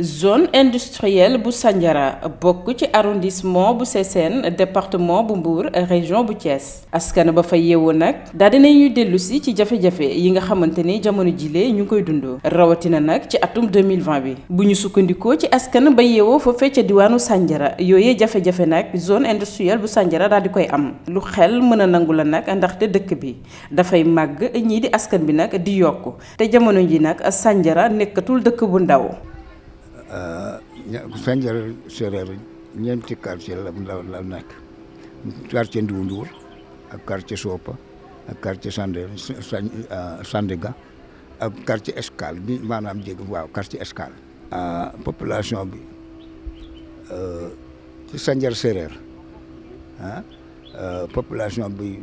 zone industrielle bu Sandiara bokk ci arrondissement bu Sessène département bu Mbour région bu Thiès askan ba fa yeewoo nag daal nañu dellu si ci jafe-jafe yi nga xamante ni jamono jilee ñu ngi koy dundoo rawatina nag ci atum 2020 bi bu ñu sukkandikoo ci askan ba yeewoo fa fecca diwaanu Sandiara yooyee jafe-jafe nag zone industrielle bu Sandiara daal di koy am lu xel mën a nangu la nag ndaxte dëkk bi dafay màgg ñii di askan bi nag di yokk te jamono ji nag Sandiara nekkatul dëkk bu ndaw Sandiara euh, Séeréer ñeenti quartier la la nekk quartier Ndiou Ndour ak quartier Sopa ak quartier Sande euh, Sandaga ak quartier Escale bi maanaam jéggi waaw quartier Escale. Euh, population bi ci Sandiara Séeréer ah population bi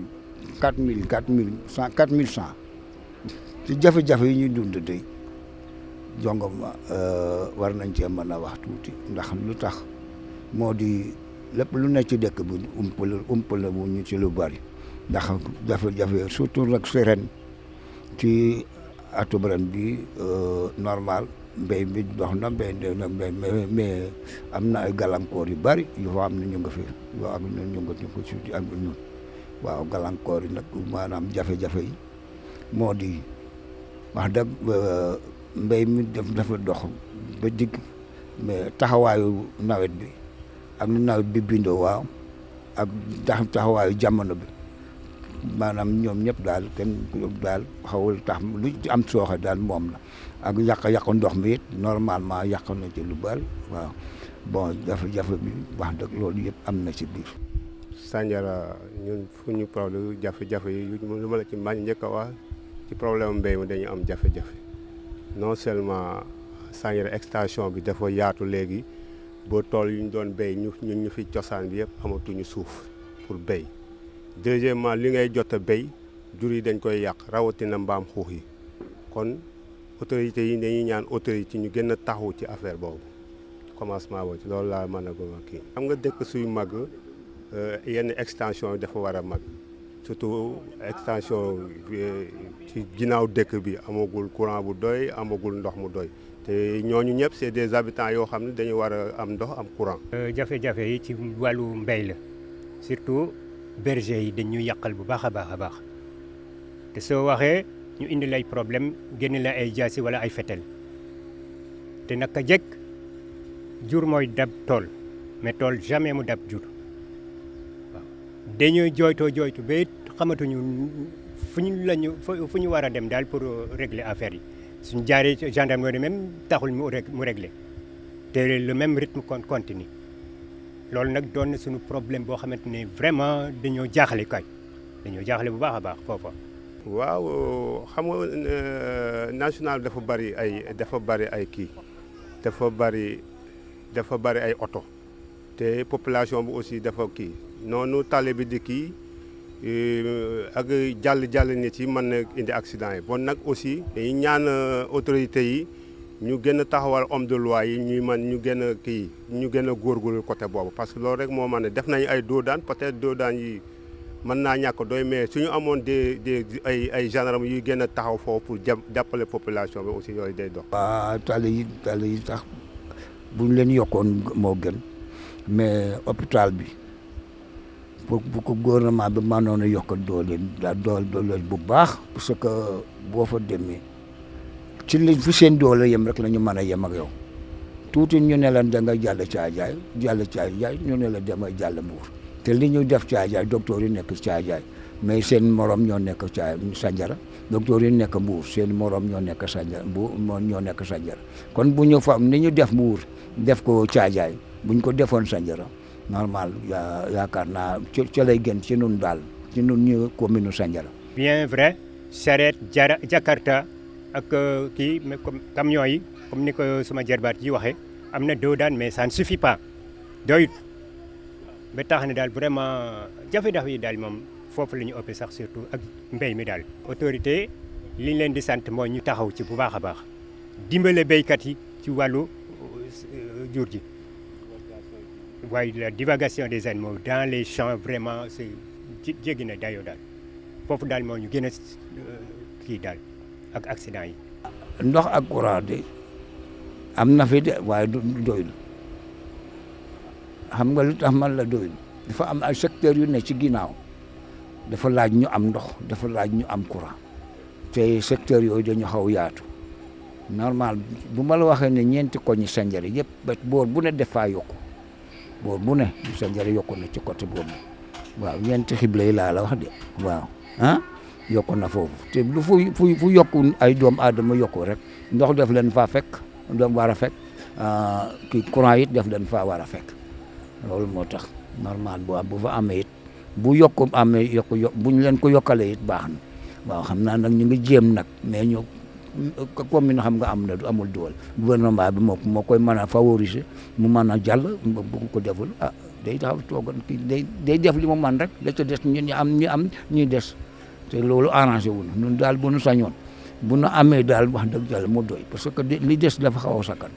quatre mille quatre mille cent quatre mille cent ci jafe-jafe yi ñuy dund tey. jongoma euh, war nañ cee mën a wax tuuti ndax lu tax moo di lépp lu ne ci dëkk bu umpale umpale bu ñu ci lu bari ndax jafe-jafe surtout nag si ren ci atub ren bi euh, normal mbéy mbi dox na mbéy na mais am na ay gàllankoor yu bari yu fa am na nga fi yoo ak ñun ñu nga ko ci ak ñun waaw gàllankoor yi nag maanaam jafe-jafe moo di wax dëgg euh, mbéy mi def dafa dox ba digg mais taxawaayu nawet bi ak nu nawet bi bindoo waaw ak tax taxawaayu jamono bi maanaam ñoom ñëpp daal kenn daal xawul tax lu am sooxe daal moom la ak yàq-yàqu ndox mi it normalement yàq na ci lu bari waaw bon jafe-jafe bi wax dëgg loolu yëpp am na ci biir. Sandiara ñun fu ñu problème jafe-jafe yi lu ma la ci mbañ njëkk a wax ci problème mbéy mi dañu am jafe-jafe. non seulement Sandiara extension bi dafa yaatu léegi boo tool yu ñu doon béy ñu ñu fi cosaan bi yëpp amatuñu suuf pour béy deuxièmement li ngay jot a béy jur yi dañ koy yàq rawatina mbaam xuux yi kon autorités yi dañuy ñaan ci ñu gën a taxaw ci affaire boobu commencement boobu loolu laa mën a gëm kii. am nga dëkk suy mag euh, yenn extension yi dafa war a mag. surtout extension ci ginnaaw dëkk bi amagul courant bu doy amagul ndox mu doy te ñooñu ñëpp c'est des habitants yoo xam ne dañu war a am ndox am courant. Euh, jafe-jafe yi ci wàllu mbéy la surtout berger yi dañu yàqal bu baax a baax a baax te soo waxee ñu indi lay problème génn la ay jaasi wala ay fetel te naka jekk jur mooy dab tool mais tool jamais mu dab jur. dañuy jooytoo jooytu ba xamatuñu fu ñu lañu fu ñu war a dem daal pour réglé affaire yi suñ jaaree gendarmerie même taxul mu mu régler te le même rythme kon continue loolu nag doon suñu problème boo xamante ni vraiment dañoo jaaxle kay dañoo jaaxle bu baax a baax foofa. waaw xam nga euh, national dafa bari ay dafa bari ay kii dafa bari dafa bari ay oto. te population bi aussi dafa kii noonu tali bi di kii euh, ak jàll-jàll nit yi man na indi accident yi bon nag aussi dañuy ñaan euh, autorités yi ñu gën a taxawal homme de loi yi ñuy man ñu gën a kii ñu gën a góor côté boobu parce que loolu rek moo man ne def nañu ay doodaan peut-être doodaan yi mën naa ñàkk doy mais ñu amoon des des ay ay gendarme yuy gën a taxaw foofu pour jàppale population bi aussi yooyu day dox. waa tali yi tali yi sax buñ leen yokkoon moo gën. mais hôpital bi pour bu ko gouvernement bi mënoon a yokk doole bu baax parce que boo fa demee cin li fu seen doole yem rek la ñu mën a yem ak yow tuuti ñu ne la da nga jàll caajaay jàll caajaay ñu ne la da nga jàll mbuur te li ñu def caajaay docteur yi nekk caajaay mais seen morom ñoo nekk ca Sandiara docteur yi nekk Mbuur seen morom ñoo nekk Sandiara Mbuur ñoo nekk Sandiara kon bu ñu fa ni ñu def Mbuur def ko Caajaay bu ñu ko defoon Sandiara normal yaakaar naa ca ca ci nun daal ci nun ñu commune Sandiara bien vrai sareet jara jakarta ak euh, kii camion yi comme ni ko sama jerbaat ji waxee am na doo daan mais ça sufi suffit pas doyut ba tax na daal vraiment jafe-jafe yi daal moom foofu la ñu ëppee sax surtout ak mbéy mi daal. autorité li leen di sant mooy ñu taxaw ci bu baax a baax dimbale béykat yi ci wàllu euh, jur ji waaye la divagation des animaux dans les champs vraiment c'est jéggi na dayoo daal foofu daal moo ñu gën a euh, kii daal ak accident yi. ndox ak courant de am na de waaye du doyul xam nga lu tax man la doyul dafa am ay secteurs yu ne ci ginnaaw. dafa laaj ñu am ndox dafa laaj ñu am courant te secteur yooyu dañu xaw yaatu normal bu ma la waxee ne ñeenti koñi Sandiara yëpp ba boor bu ne defaa yokku boor bu ne Sandiara yokku na ci côté boobu waaw ñeenti xible yi laa la wax de waaw ah yokku na foofu te lu fu fu fu yokku ay doom aadama yokku rek ndox def leen faa fekk doom war a fekk ah, kii courant it def leen fa war a fekk loolu moo tax normal bu am bu fa amee it bu yokk amee yokk yo bu ñu leen ko yokkalee it baax na waaw xam naa nag ñu nga jéem nag mais ñu comme ni xam nga am na du amul doole gouvernement bi moo moo koy mën a favoriser mu mën a jàll bu ko deful ah day taxaw day day def li mu man rek da ca des ñun ñu am ñu am ñuy des te loolu arrangé wu ñun daal bu nu sañoon bu nu amee daal wax dëgg jàll mu doy parce que li des dafa xaw a sakkan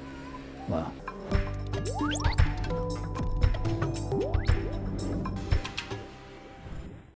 waaw.